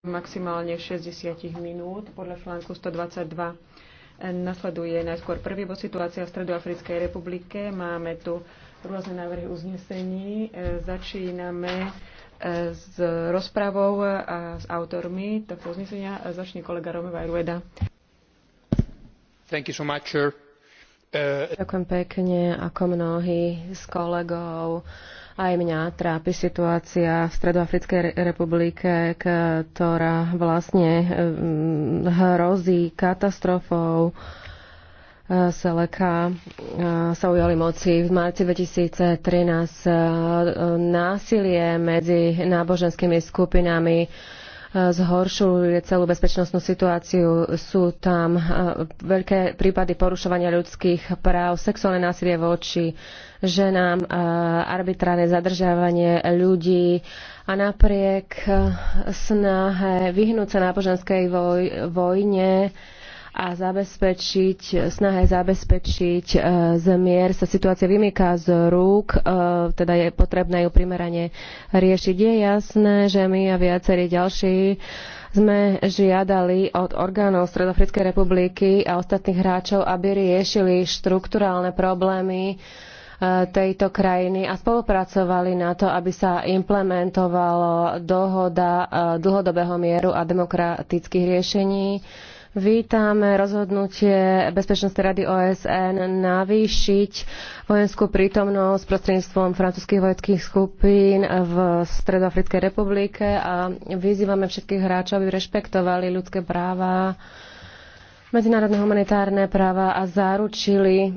maximálne 60 minút podľa článku 122. Nasleduje najskôr prvý bod situácia v Stredoafrickej republike. Máme tu rôzne návrhy uznesení. E, začíname e, s rozpravou a s autormi tohto uznesenia. E, začne kolega Romeva Rueda. Thank you so much, sir. Uh... Ďakujem pekne, ako mnohí z kolegov aj mňa trápi situácia v Stredoafrickej republike, ktorá vlastne eh, hrozí katastrofou. Eh, Seleka eh, sa ujali moci v marci 2013 násilie medzi náboženskými skupinami zhoršuje celú bezpečnostnú situáciu. Sú tam e, veľké prípady porušovania ľudských práv, sexuálne násilie voči ženám, e, arbitrárne zadržiavanie ľudí a napriek e, snahe vyhnúť sa náboženskej vojne a zabezpečiť, snahe zabezpečiť e, zmier sa situácia vymýka z rúk, e, teda je potrebné ju primerane riešiť. Je jasné, že my a viacerí ďalší sme žiadali od orgánov Stredoafrickej republiky a ostatných hráčov, aby riešili štrukturálne problémy e, tejto krajiny a spolupracovali na to, aby sa implementovala dohoda dlhodobého mieru a demokratických riešení Vítame rozhodnutie Bezpečnostnej rady OSN navýšiť vojenskú prítomnosť prostredníctvom francúzských vojenských skupín v Stredoafrickej republike a vyzývame všetkých hráčov, aby rešpektovali ľudské práva, medzinárodné humanitárne práva a zaručili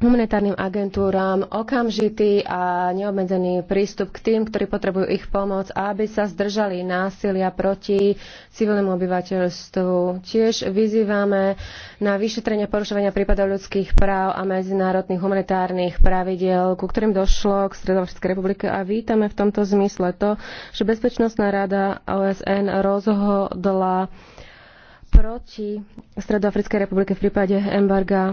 humanitárnym agentúram okamžitý a neobmedzený prístup k tým, ktorí potrebujú ich pomoc, aby sa zdržali násilia proti civilnému obyvateľstvu. Tiež vyzývame na vyšetrenie porušovania prípadov ľudských práv a medzinárodných humanitárnych pravidiel, ku ktorým došlo k Stredoafrickej republike a vítame v tomto zmysle to, že Bezpečnostná rada OSN rozhodla proti Stredoafrickej republike v prípade embarga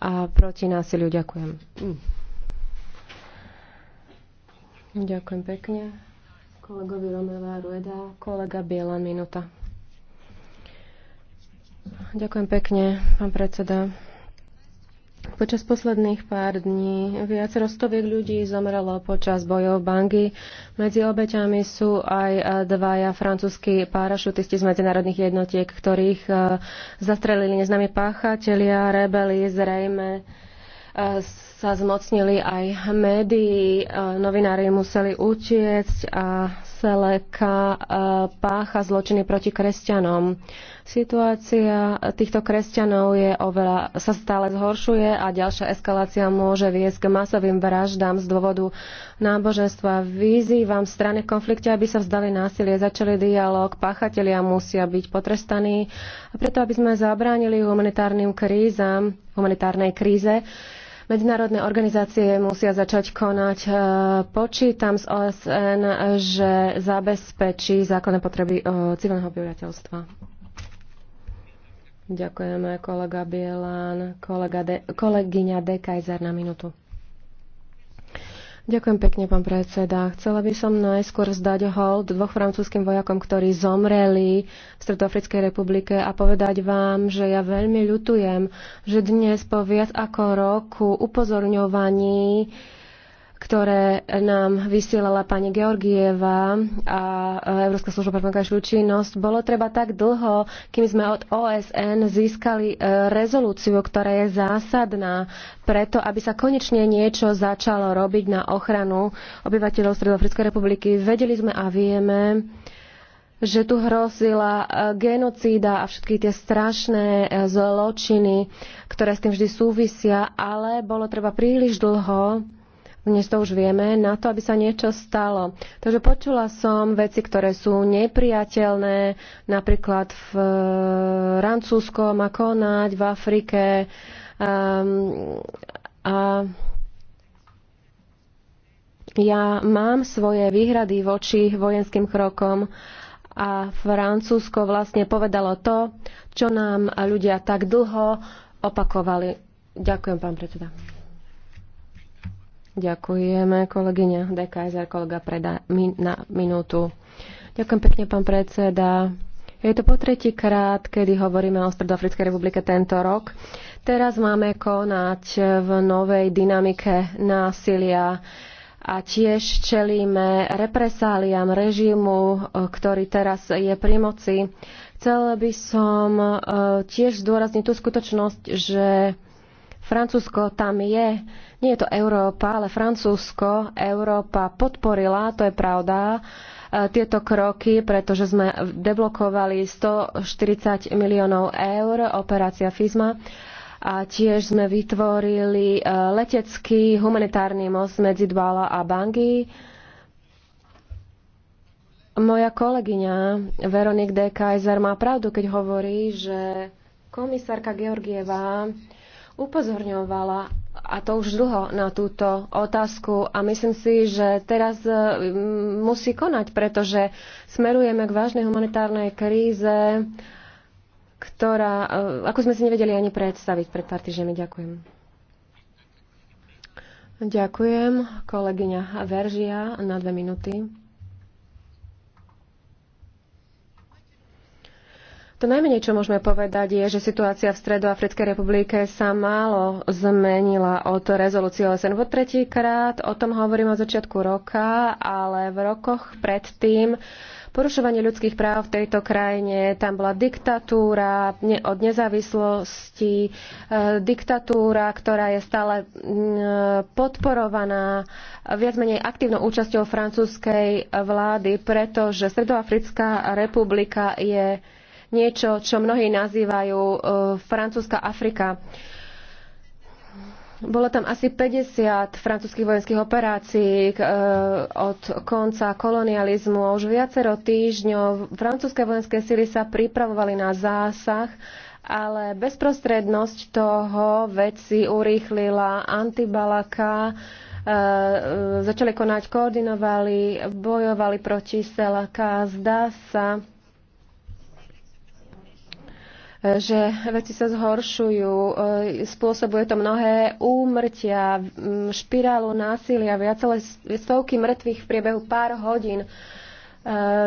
a proti násiliu. Ďakujem. Mm. Ďakujem pekne. Kolegovi Romeva Rueda, kolega Biela, Minuta. Ďakujem pekne, pán predseda. Počas posledných pár dní viac stoviek ľudí zomrelo počas bojov Bangy. Medzi obeťami sú aj e, dvaja francúzskí parašutisti z medzinárodných jednotiek, ktorých e, zastrelili neznámi páchatelia, rebeli zrejme e, sa zmocnili aj médií, novinári museli utiecť a Seleka e, pácha zločiny proti kresťanom. Situácia týchto kresťanov je oveľa, sa stále zhoršuje a ďalšia eskalácia môže viesť k masovým vraždám z dôvodu náboženstva. Vyzývam strany v konflikte, aby sa vzdali násilie, začali dialog, páchatelia musia byť potrestaní. A preto, aby sme zabránili humanitárnym krízam, humanitárnej kríze, Medzinárodné organizácie musia začať konať. E, počítam z OSN, že zabezpečí základné potreby e, civilného obyvateľstva. Ďakujeme, kolega Bielan, kolega De, kolegyňa Dekajzer na minútu. Ďakujem pekne, pán predseda. Chcela by som najskôr zdať hold dvoch francúzskym vojakom, ktorí zomreli v Stredoafrickej republike a povedať vám, že ja veľmi ľutujem, že dnes po viac ako roku upozorňovaní ktoré nám vysielala pani Georgieva a Európska služba pre vonkajšiu činnosť, bolo treba tak dlho, kým sme od OSN získali e, rezolúciu, ktorá je zásadná preto, aby sa konečne niečo začalo robiť na ochranu obyvateľov Stredoafrickej republiky. Vedeli sme a vieme, že tu hrozila e, genocída a všetky tie strašné e, zločiny, ktoré s tým vždy súvisia, ale bolo treba príliš dlho dnes to už vieme, na to, aby sa niečo stalo. Takže počula som veci, ktoré sú nepriateľné, napríklad v eh, Francúzsku má konať, v Afrike. Um, a ja mám svoje výhrady voči vojenským krokom a Francúzsko vlastne povedalo to, čo nám ľudia tak dlho opakovali. Ďakujem, pán predseda. Ďakujeme, kolegyňa Dekajzer, kolega Preda, min, na minútu. Ďakujem pekne, pán predseda. Je to po tretí krát, kedy hovoríme o Stredoafrickej republike tento rok. Teraz máme konať v novej dynamike násilia a tiež čelíme represáliam režimu, ktorý teraz je pri moci. Chcel by som eh, tiež zdôrazniť tú skutočnosť, že Francúzsko tam je. Nie je to Európa, ale Francúzsko Európa podporila, to je pravda, e, tieto kroky, pretože sme deblokovali 140 miliónov eur, operácia FISMA a tiež sme vytvorili e, letecký humanitárny most medzi Dvala a Bangui. Moja kolegyňa Veronik D. Kaiser má pravdu, keď hovorí, že komisárka Georgieva upozorňovala a to už dlho na túto otázku a myslím si, že teraz e, musí konať, pretože smerujeme k vážnej humanitárnej kríze, ktorá, e, ako sme si nevedeli ani predstaviť pred pár týždňami. Ďakujem. Ďakujem, kolegyňa Veržia, na dve minúty. To najmenej, čo môžeme povedať, je, že situácia v Stredoafrickej republike sa málo zmenila od rezolúcie OSN. vo tretíkrát o tom hovorím od začiatku roka, ale v rokoch predtým porušovanie ľudských práv v tejto krajine, tam bola diktatúra od nezávislosti, e, diktatúra, ktorá je stále podporovaná viac menej aktívnou účasťou francúzskej vlády, pretože Stredoafrická republika je niečo, čo mnohí nazývajú e, francúzska Afrika. Bolo tam asi 50 francúzských vojenských operácií e, od konca kolonializmu a už viacero týždňov francúzske vojenské sily sa pripravovali na zásah, ale bezprostrednosť toho veci urýchlila antibalaka, e, začali konať, koordinovali, bojovali proti Selaka. Zdá sa, že veci sa zhoršujú, e, spôsobuje to mnohé úmrtia, špirálu násilia, viacelé stovky mŕtvych v priebehu pár hodín. E,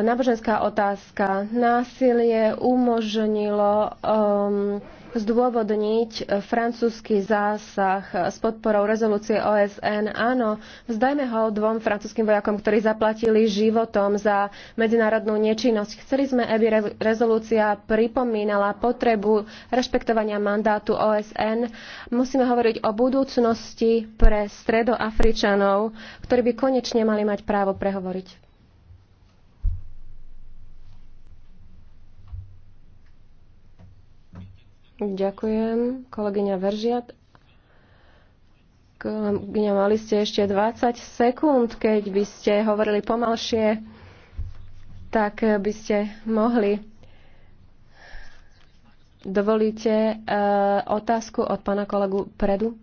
náboženská otázka. Násilie umožnilo um, zdôvodniť eh, francúzsky zásah eh, s podporou rezolúcie OSN. Áno, vzdajme ho dvom francúzským vojakom, ktorí zaplatili životom za medzinárodnú nečinnosť. Chceli sme, aby rezolúcia pripomínala potrebu rešpektovania mandátu OSN. Musíme hovoriť o budúcnosti pre stredoafričanov, ktorí by konečne mali mať právo prehovoriť. Ďakujem, kolegyňa Veržiat. Kolegyňa, mali ste ešte 20 sekúnd, keď by ste hovorili pomalšie, tak by ste mohli. Dovolíte e, otázku od pána kolegu Predu?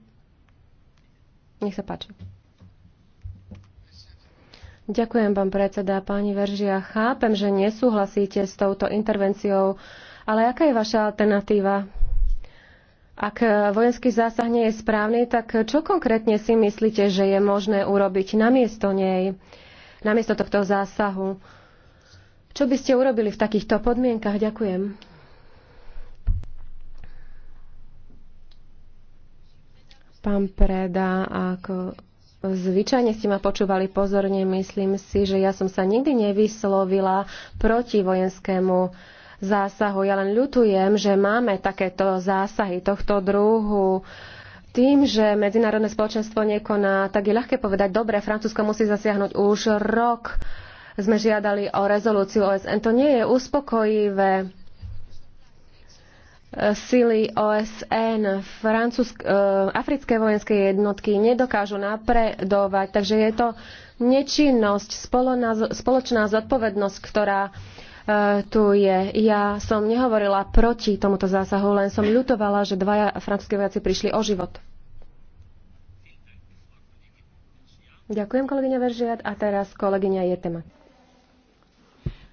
Nech sa páči. Ďakujem, pán predseda. Páni Veržia, chápem, že nesúhlasíte s touto intervenciou, ale aká je vaša alternatíva? Ak e, vojenský zásah nie je správny, tak e, čo konkrétne si myslíte, že je možné urobiť namiesto nej, namiesto tohto zásahu? Čo by ste urobili v takýchto podmienkach? Ďakujem. Pán Preda, ako Zvyčajne ste ma počúvali pozorne, myslím si, že ja som sa nikdy nevyslovila proti vojenskému zásahu. Ja len ľutujem, že máme takéto zásahy tohto druhu. Tým, že medzinárodné spoločenstvo nekoná, tak je ľahké povedať, dobre, Francúzsko musí zasiahnuť už rok. Sme žiadali o rezolúciu OSN. To nie je uspokojivé. Sily OSN, Francúzsk, e, africké vojenské jednotky nedokážu napredovať, takže je to nečinnosť, spoločná zodpovednosť, ktorá E, tu je. Ja som nehovorila proti tomuto zásahu, len som ľutovala, že dvaja francúzskí vojaci prišli o život. Ďakujem, kolegyňa Veržiat. A teraz kolegyňa Jetema.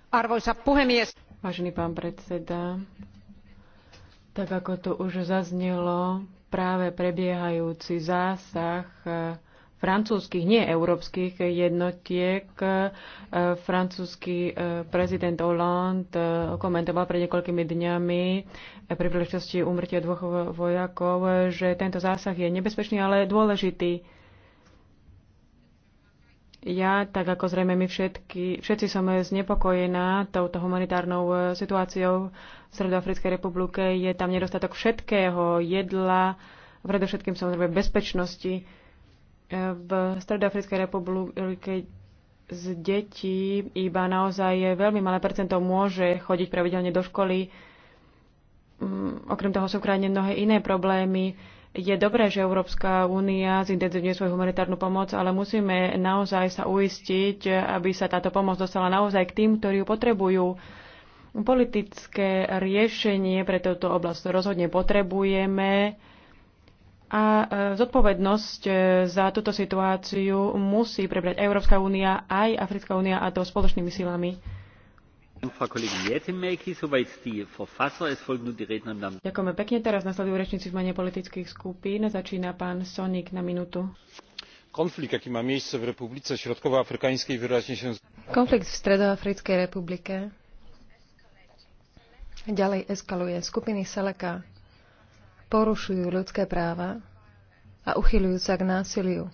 Arvoisa puhemies. Vážený pán predseda, tak ako to už zaznelo, práve prebiehajúci zásah francúzskych, nie európskych jednotiek. E, francúzsky e, prezident Hollande e, komentoval pred niekoľkými dňami pri príležitosti umrtia dvoch vojakov, že tento zásah je nebezpečný, ale dôležitý. Ja, tak ako zrejme my všetky, všetci som znepokojená touto humanitárnou situáciou v Sredoafrickej republike. Je tam nedostatok všetkého, jedla, predovšetkým samozrejme bezpečnosti v Stredoafrickej republike z detí iba naozaj veľmi malé percento môže chodiť pravidelne do školy. Mm, okrem toho sú krajne mnohé iné problémy. Je dobré, že Európska únia zintenzívňuje svoju humanitárnu pomoc, ale musíme naozaj sa uistiť, aby sa táto pomoc dostala naozaj k tým, ktorí ju potrebujú. Politické riešenie pre túto oblasť rozhodne potrebujeme a e, zodpovednosť e, za túto situáciu musí prebrať Európska únia, aj Africká únia a to spoločnými silami. Ďakujeme pekne. Teraz nasledujú rečníci v mene politických skupín. Začína pán Sonik na minútu. Konflikt, aký má miesto v Republice Środkowoafrykańskiej wyraźnie się... Konflikt v Stredoafrickej republike ďalej eskaluje. Skupiny Seleka porušujú ľudské práva a uchyľujú sa k násiliu.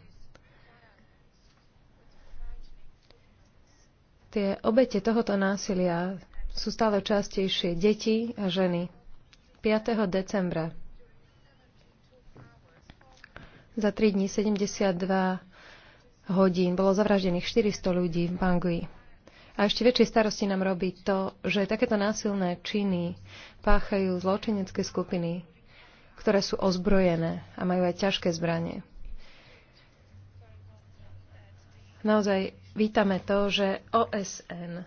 Tie obete tohoto násilia sú stále častejšie deti a ženy. 5. decembra za 3 dní 72 hodín bolo zavraždených 400 ľudí v Bangui. A ešte väčšie starosti nám robí to, že takéto násilné činy páchajú zločinecké skupiny, ktoré sú ozbrojené a majú aj ťažké zbranie. Naozaj vítame to, že OSN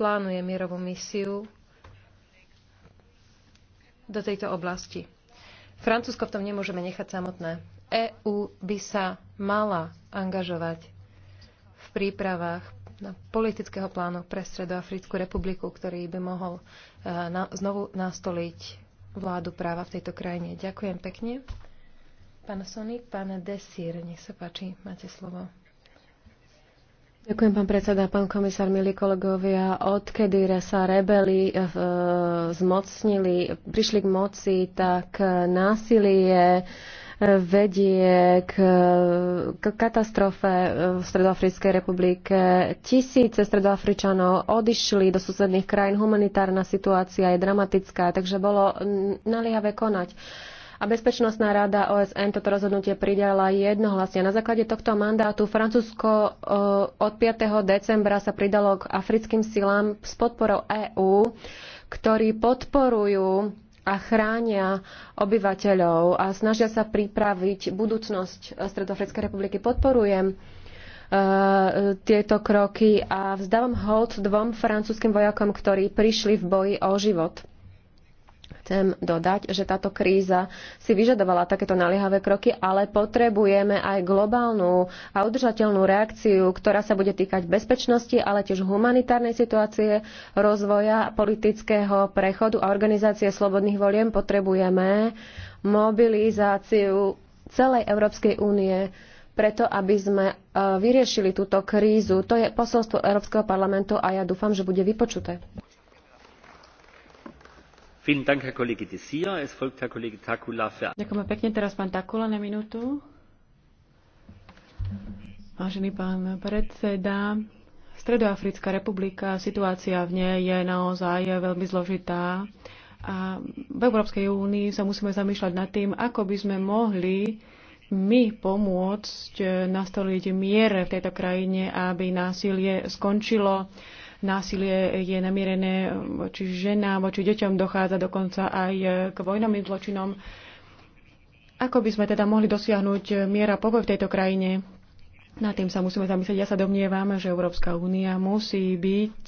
plánuje mierovú misiu do tejto oblasti. Francúzsko v tom nemôžeme nechať samotné. EÚ by sa mala angažovať v prípravách na politického plánu pre Stredoafrickú republiku, ktorý by mohol e, na, znovu nastoliť vládu práva v tejto krajine. Ďakujem pekne. Pán Sonik, pán Desír, nech sa páči, máte slovo. Ďakujem, pán predseda, pán komisár, milí kolegovia. Odkedy sa rebeli e, zmocnili, prišli k moci, tak eh, násilie vedie k, k katastrofe v Stredoafrickej republike. Tisíce Stredoafričanov odišli do susedných krajín, humanitárna situácia je dramatická, takže bolo naliehavé konať. A Bezpečnostná rada OSN toto rozhodnutie pridala jednohlasne. Na základe tohto mandátu Francúzsko od 5. decembra sa pridalo k africkým silám s podporou EÚ, ktorí podporujú a chránia obyvateľov a snažia sa pripraviť budúcnosť Stredoafrickej republiky. Podporujem e, tieto kroky a vzdávam hold dvom francúzskym vojakom, ktorí prišli v boji o život. Chcem dodať, že táto kríza si vyžadovala takéto naliehavé kroky, ale potrebujeme aj globálnu a udržateľnú reakciu, ktorá sa bude týkať bezpečnosti, ale tiež humanitárnej situácie, rozvoja politického prechodu a organizácie slobodných voliem. Potrebujeme mobilizáciu celej Európskej únie preto, aby sme e, vyriešili túto krízu. To je posolstvo Európskeho parlamentu a ja dúfam, že bude vypočuté. Teraz pán na minútu. Vážený pán predseda, Stredoafrická republika, situácia v nej je naozaj veľmi zložitá. A v Európskej únii sa musíme zamýšľať nad tým, ako by sme mohli my pomôcť nastoliť mier v tejto krajine, aby násilie skončilo násilie je namierené voči ženám, voči deťom, dochádza dokonca aj k vojnovým zločinom. Ako by sme teda mohli dosiahnuť miera pokoj v tejto krajine? Na tým sa musíme zamyslieť. Ja sa domnievam, že Európska únia musí byť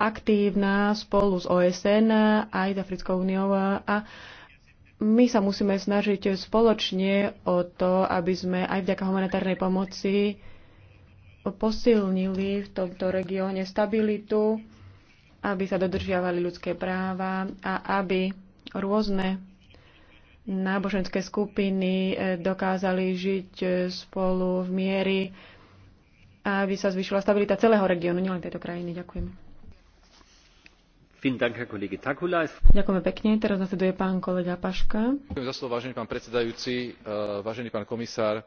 aktívna spolu s OSN aj s Africkou úniou a my sa musíme snažiť spoločne o to, aby sme aj vďaka humanitárnej pomoci posilnili v tomto regióne stabilitu, aby sa dodržiavali ľudské práva a aby rôzne náboženské skupiny eh, dokázali žiť eh, spolu v miery, aby sa zvyšila stabilita celého regiónu, nielen tejto krajiny. Ďakujem. Ďakujeme pekne. Teraz nasleduje pán kolega Paška. Ďakujem za slovo, vážený pán predsedajúci, eh, vážený pán komisár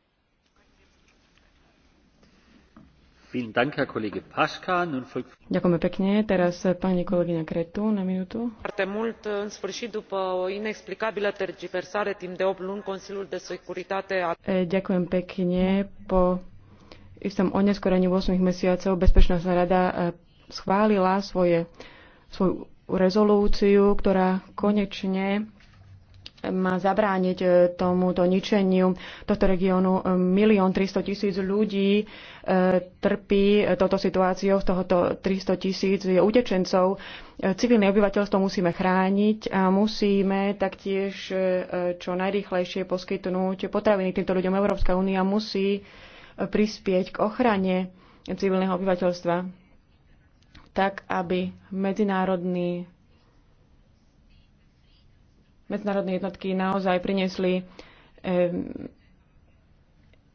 Ďakujeme pekne. Teraz eh, pani kolegyňa Cretu na minútu. Foarte mult, eh, în sfârșit, după o inexplicabilă tergiversare timp de 8 luni, Consiliul de Securitate... Eh, ďakujem pekne. Po istom oneskorení 8 mesiacov Bezpečnostná rada schválila svoje, svoju rezolúciu, ktorá konečne má zabrániť e, tomuto ničeniu tohto regiónu. E, milión 300 tisíc ľudí e, trpí toto situáciou, z tohoto 300 tisíc je utečencov. Civilné obyvateľstvo musíme chrániť a musíme taktiež čo najrýchlejšie poskytnúť potraviny týmto ľuďom. Európska únia musí prispieť k ochrane civilného obyvateľstva tak, aby medzinárodný medzinárodné jednotky naozaj priniesli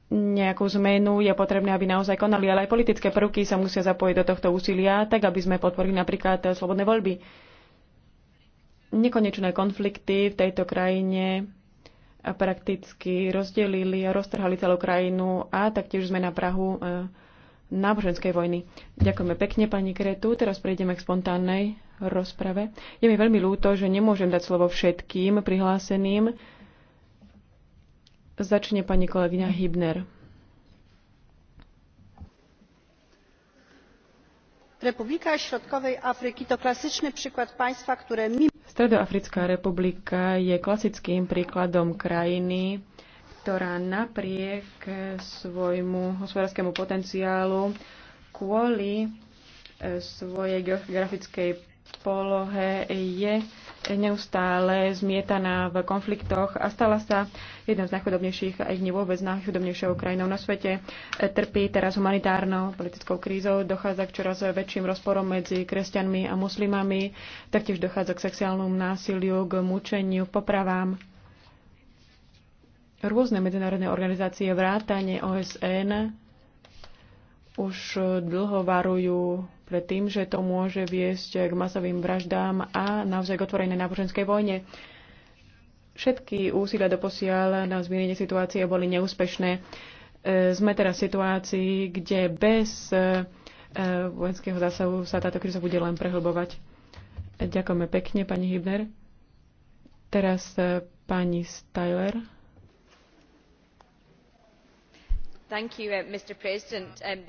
nejakú zmenu, je potrebné, aby naozaj konali, ale aj politické prvky sa musia zapojiť do tohto úsilia, tak aby sme podporili napríklad slobodné voľby. Nekonečné konflikty v tejto krajine prakticky rozdelili a roztrhali celú krajinu a taktiež sme na Prahu eh, náboženskej vojny. Ďakujeme pekne, pani Kretu. Teraz prejdeme k spontánnej rozprave. Je mi veľmi ľúto, že nemôžem dať slovo všetkým prihláseným. Začne pani kolegyňa Hibner. Republika Środkowej Afryki to klasyczny przykład państwa, które Stredoafrická republika je klasickým príkladom krajiny, ktorá napriek svojmu hospodárskému potenciálu kvôli e, svojej geografickej polohe je neustále zmietaná v konfliktoch a stala sa jednou z najchudobnejších, a nie vôbec najchudobnejšou krajinou na svete. Trpí teraz humanitárnou politickou krízou, dochádza k čoraz väčším rozporom medzi kresťanmi a muslimami, taktiež dochádza k sexuálnom násiliu, k mučeniu, popravám. Rôzne medzinárodné organizácie vrátane OSN už dlho varujú pred tým, že to môže viesť k masovým vraždám a naozaj k otvorenej náboženskej vojne. Všetky úsilia doposiaľ na zmierenie situácie boli neúspešné. E, sme teraz v situácii, kde bez e, e, vojenského zásahu sa táto kríza bude len prehlbovať. Ďakujeme pekne, pani Hibner. Teraz pani Styler. Uh, um,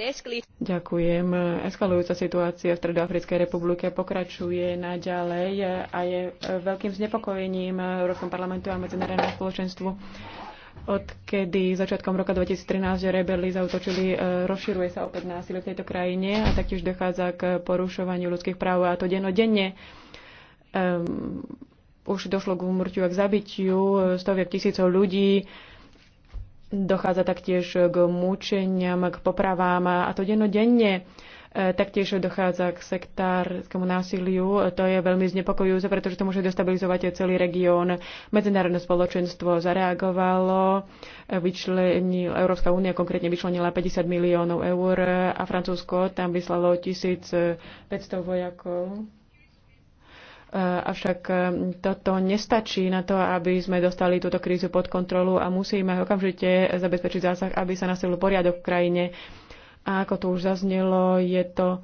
Ďakujem. Eskalujúca situácia v Stredoafrickej republike pokračuje naďalej a je uh, veľkým znepokojením Európskom parlamentu a medzinárodnému spoločenstvu. Odkedy začiatkom roka 2013 rebeli zautočili, uh, rozširuje sa opäť násilie v tejto krajine a taktiež dochádza k porušovaniu ľudských práv a to denodenne. Um, už došlo k úmrtiu a k zabitiu stoviek tisícov ľudí. Um, Dochádza taktiež k mučeniam, k popravám a to dennodenne. E, taktiež dochádza k sektárskému násiliu. To je veľmi znepokojujúce, pretože to môže destabilizovať celý región. Medzinárodné spoločenstvo zareagovalo, e, vyčlenil, Európska únia konkrétne vyčlenila 50 miliónov eur a Francúzsko tam vyslalo 1500 vojakov E, avšak e, toto nestačí na to, aby sme dostali túto krízu pod kontrolu a musíme okamžite zabezpečiť zásah, aby sa nastavil poriadok v krajine. A ako tu už zaznelo, je to e,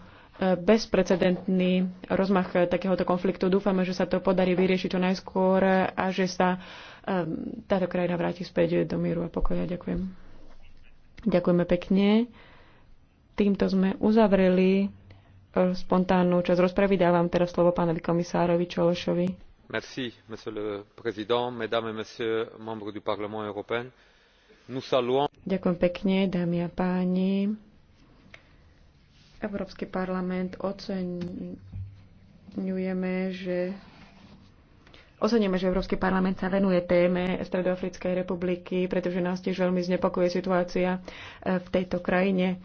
bezprecedentný rozmach takéhoto konfliktu. Dúfame, že sa to podarí vyriešiť čo najskôr a že sa táto krajina vráti späť do míru a pokoja. Ďakujem. Ďakujeme pekne. Týmto sme uzavreli spontánnu časť rozpravy. Dávam teraz slovo pánovi komisárovi Čološovi. Merci, monsieur le président, mesdames et messieurs, membres du Parlement européen. Nous saluons... Ďakujem pekne, dámy a páni. Európsky parlament oceňujeme, že Oceníme, že Európsky parlament sa venuje téme Stredoafrickej republiky, pretože nás tiež veľmi znepokuje situácia eh, v tejto krajine.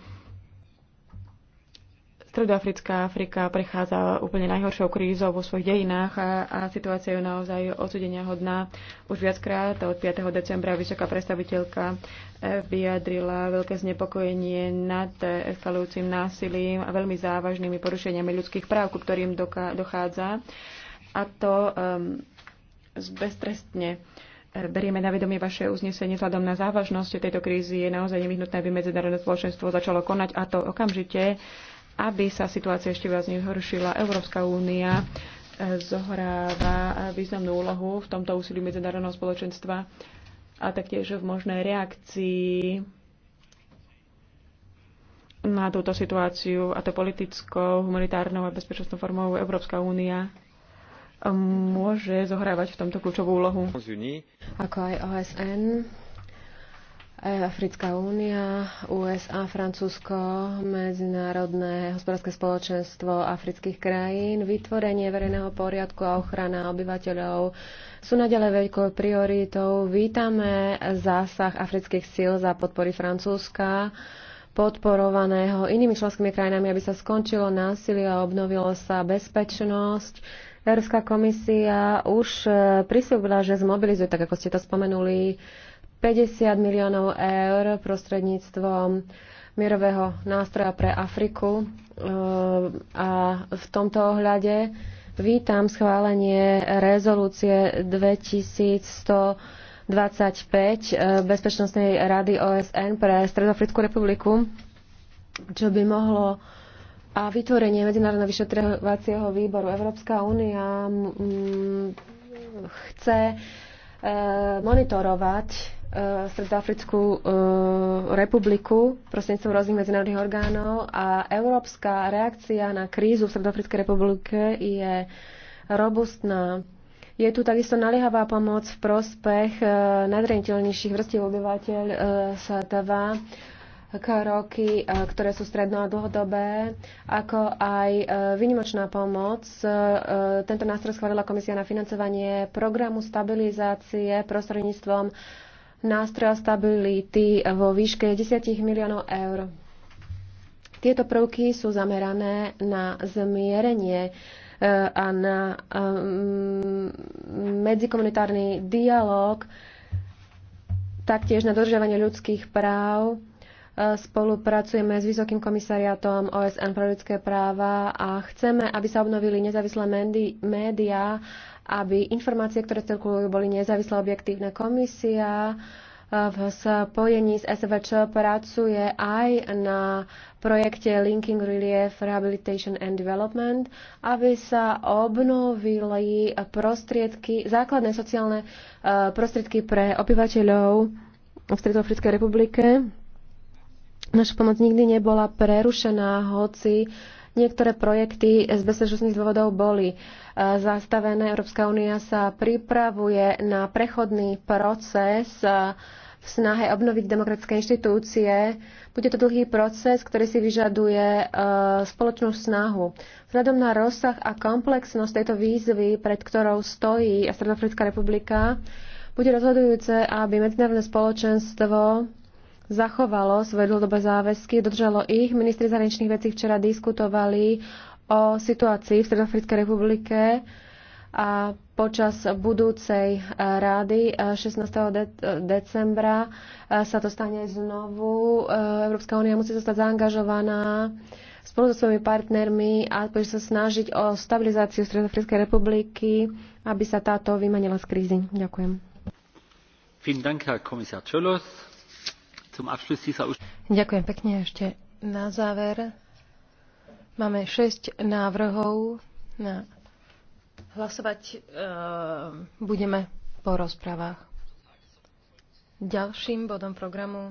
Stredoafrická Afrika prechádza úplne najhoršou krízou vo svojich dejinách a, a situácia je naozaj odsudenia hodná. Už viackrát od 5. decembra vysoká predstaviteľka eh, vyjadrila veľké znepokojenie nad eskalujúcim násilím a veľmi závažnými porušeniami ľudských práv, ku ktorým dochádza. A to um, beztrestne. Eh, berieme na vedomie vaše uznesenie vzhľadom na závažnosť tejto krízy. Je naozaj nevyhnutné, aby medzinárodné spoločenstvo začalo konať a to okamžite aby sa situácia ešte viac nezhoršila. Európska únia eh, zohráva eh, významnú úlohu v tomto úsilí medzinárodného spoločenstva a taktiež v možnej reakcii na túto situáciu, a to politickou, humanitárnou a bezpečnostnou formou Európska únia eh, môže zohrávať v tomto kľúčovú úlohu. Ako aj OSN, Africká únia, USA, Francúzsko, Medzinárodné hospodárske spoločenstvo afrických krajín, vytvorenie verejného poriadku a ochrana obyvateľov sú nadalej veľkou prioritou. Vítame zásah afrických síl za podpory Francúzska, podporovaného inými členskými krajinami, aby sa skončilo násilie a obnovilo sa bezpečnosť. Európska komisia už prislúbila, že zmobilizuje, tak ako ste to spomenuli, 50 miliónov eur prostredníctvom mierového nástroja pre Afriku. E, a v tomto ohľade vítam schválenie rezolúcie 2125 e, Bezpečnostnej rady OSN pre Stredoafrickú republiku, čo by mohlo a vytvorenie Medzinárodného vyšetrovacieho výboru. Európska únia chce e, monitorovať Eh, Stredoafrickú eh, republiku prostredníctvom rôznych medzinárodných orgánov a európska reakcia na krízu v Stredoafrickej republike je robustná. Je tu takisto naliehavá pomoc v prospech eh, najzraniteľnejších vrstiev obyvateľ Satava, kroky, ktoré sú stredno a dlhodobé, ako aj výnimočná pomoc. Tento nástroj schválila Komisia na financovanie programu stabilizácie prostredníctvom nástroja stability vo výške 10 miliónov eur. Tieto prvky sú zamerané na zmierenie e, a na e, medzikomunitárny dialog, taktiež na dodržiavanie ľudských práv. E, spolupracujeme s Vysokým komisariátom OSN pre ľudské práva a chceme, aby sa obnovili nezávislé médiá aby informácie, ktoré cirkulujú, boli nezávislá objektívna komisia eh, v spojení s SVČ pracuje aj na projekte Linking Relief Rehabilitation and Development, aby sa obnovili prostriedky, základné sociálne eh, prostriedky pre obyvateľov v Stredoafrickej republike. Naša pomoc nikdy nebola prerušená, hoci uh, Niektoré projekty z bezpečnostných dôvodov boli e, zastavené. Európska únia sa pripravuje na prechodný proces e, v snahe obnoviť demokratické inštitúcie. Bude to dlhý proces, ktorý si vyžaduje e, spoločnú snahu. Vzhľadom na rozsah a komplexnosť tejto výzvy, pred ktorou stojí Stredoafrická republika, bude rozhodujúce, aby medzinárodné spoločenstvo zachovalo svoje dlhodobé záväzky, dodržalo ich. Ministri zahraničných vecí včera diskutovali o situácii v Stredoafrickej republike a počas budúcej eh, rády 16. Eh, de- eh, decembra sa to stane znovu. Európska únia musí zostať zaangažovaná spolu so svojimi partnermi a sa snažiť o stabilizáciu Stredoafrickej republiky, aby sa táto vymanila z krízy. Ďakujem. Vielen Dank, Herr Kommissar Čolos. Ďakujem pekne ešte. Na záver máme 6 návrhov. Na hlasovať e, budeme po rozprávach. Ďalším bodom programu